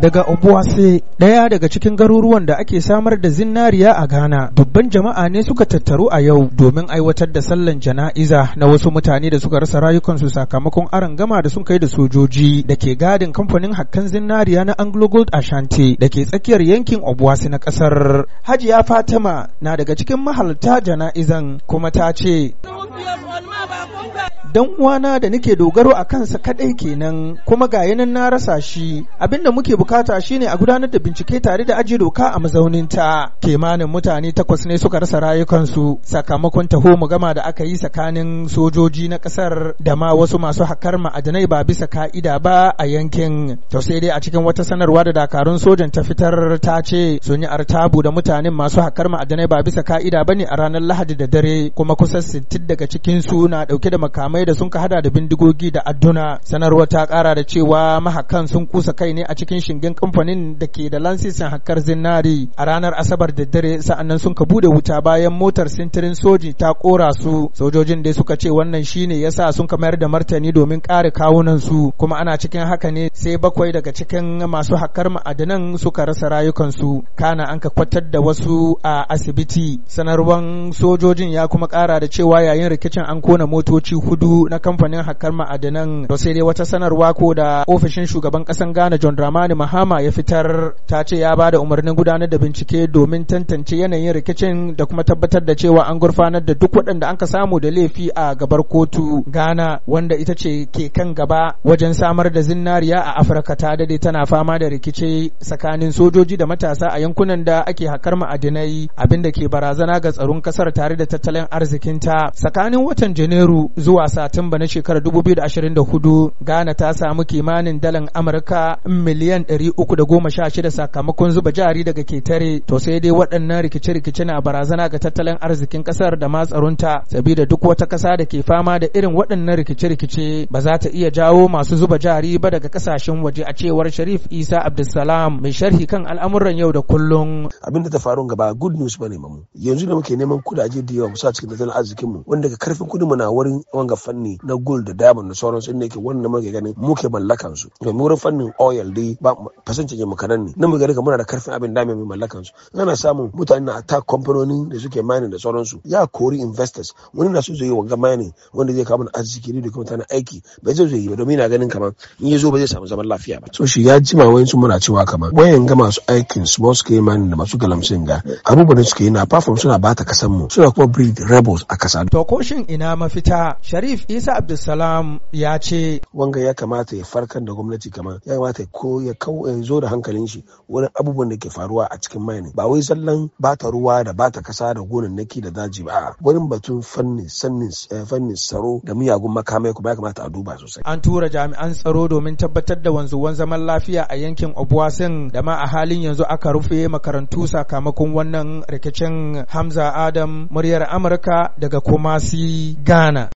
daga Obuwase, ɗaya daga cikin garuruwan da ake samar da zinariya a Ghana, dubban jama'a ne suka tattaru a yau domin aiwatar da sallan jana'iza na wasu mutane da suka rasa rayukansu sakamakon aron gama da sun kai da sojoji da ke gadin kamfanin hakkan zinariya na Anglo Gold Ashanti da ke tsakiyar yankin Obuwase na ƙasar. Hajiya Fatima na daga cikin mahalta jana'izan kuma ta ce. dan uwana da nake dogaro a kansa kadai kenan kuma ga yanan na rasa shi abinda muke bukata shine a gudanar da bincike tare da ajiye doka a mazaunin mazauninta kimanin mutane takwas ne suka rasa rayukansu sakamakon taho mu gama da aka yi tsakanin sojoji na kasar da ma wasu masu hakar ma'adanai ba bisa ka'ida ba a yankin to sai dai a cikin wata sanarwa da dakarun sojan ta fitar ta ce sun yi artabu da mutanen masu hakar ma'adanai ba bisa ka'ida bane a ranar lahadi da dare kuma kusan 60 daga cikin su na dauke da makamai makamai da sun ka hada da bindigogi da adduna sanarwar ta kara da cewa mahakan sun kusa kai ne a cikin shingen kamfanin da ke da lansisin hakkar zinari a ranar asabar da dare sa'annan sun ka bude wuta bayan motar sintirin soji ta kora su sojojin dai suka ce wannan shine yasa sun ka mayar da martani domin kare kawunan su kuma ana cikin haka ne sai bakwai daga cikin masu hakar ma'adanan suka rasa rayukansu kana an ka kwatar da wasu a asibiti sanarwan sojojin ya kuma kara da cewa yayin rikicin an kona motoci hudu na kamfanin hakar ma'adanan to sai dai wata sanarwa ko da ofishin shugaban kasan Ghana John Dramani Mahama ya fitar ta ce ya bada umarnin gudanar da bincike domin tantance yanayin rikicin da kuma tabbatar da cewa an gurfanar da duk waɗanda an ka samu da laifi a gabar kotu Ghana wanda ita ce ke kan gaba wajen samar da zinariya a Afirka ta dade tana fama da rikice tsakanin sojoji da matasa a yankunan da ake hakar ma'adinai abinda ke barazana ga tsaron kasar tare da tattalin arzikinta tsakanin watan Janairu zuwa Satumba na shekarar 2024 Ghana ta samu kimanin dalan Amurka miliyan 316 sakamakon zuba jari daga ketare to sai dai waɗannan rikice-rikice na barazana ga tattalin arzikin ƙasar da ma tsaronta sabida duk wata ƙasa da ke fama da irin waɗannan rikice-rikice ba za ta iya jawo masu zuba jari ba daga ƙasashen waje a cewar Sharif Isa Abdulsalam mai sharhi kan al'amuran yau da kullum. Abin da ta faru gaba good news ne mamu yanzu da muke neman kudaje da yawa musa cikin tattalin mu wanda ga karfin mu na wurin wanga fanni na gold da diamond da sauran inda ke wannan muke ganin muke mallakan su to wurin fannin oil dai ba fasancin mu kadan ne nan muke muna da karfin abin da mai mallakan su ana samun mutane na attack kamfanoni da suke mining da sauran su ya kori investors wani na so zai yi wanga mining wanda zai kawo mana arziki da kuma tana aiki bai zai yi ba domin ina ganin kamar in ya zo ba zai samu zaman lafiya ba so shi ya jima su muna cewa kamar wayan ga masu aikin small scale mining da masu galamsin ga abubuwan da suke yi na platform suna bata kasan mu suna kuma breed rebels a kasa to ko shin ina mafita sharif Chief Isa Abdulsalam ya ce wanga ya kamata ya farkar da gwamnati kamar ya kamata ko ya zo da hankalin shi wurin abubuwan da ke faruwa a cikin mining ba wai zallan bata ruwa da bata kasa da gonannaki da daji ba Wani batun fannin sannin eh, fannin tsaro da miyagun makamai kuma ya kamata a duba sosai an tura jami'an tsaro domin tabbatar da wanzuwan zaman lafiya a yankin Obuasin da ma a halin yanzu aka rufe makarantu sakamakon wannan rikicin Hamza Adam muryar Amurka daga Kumasi Ghana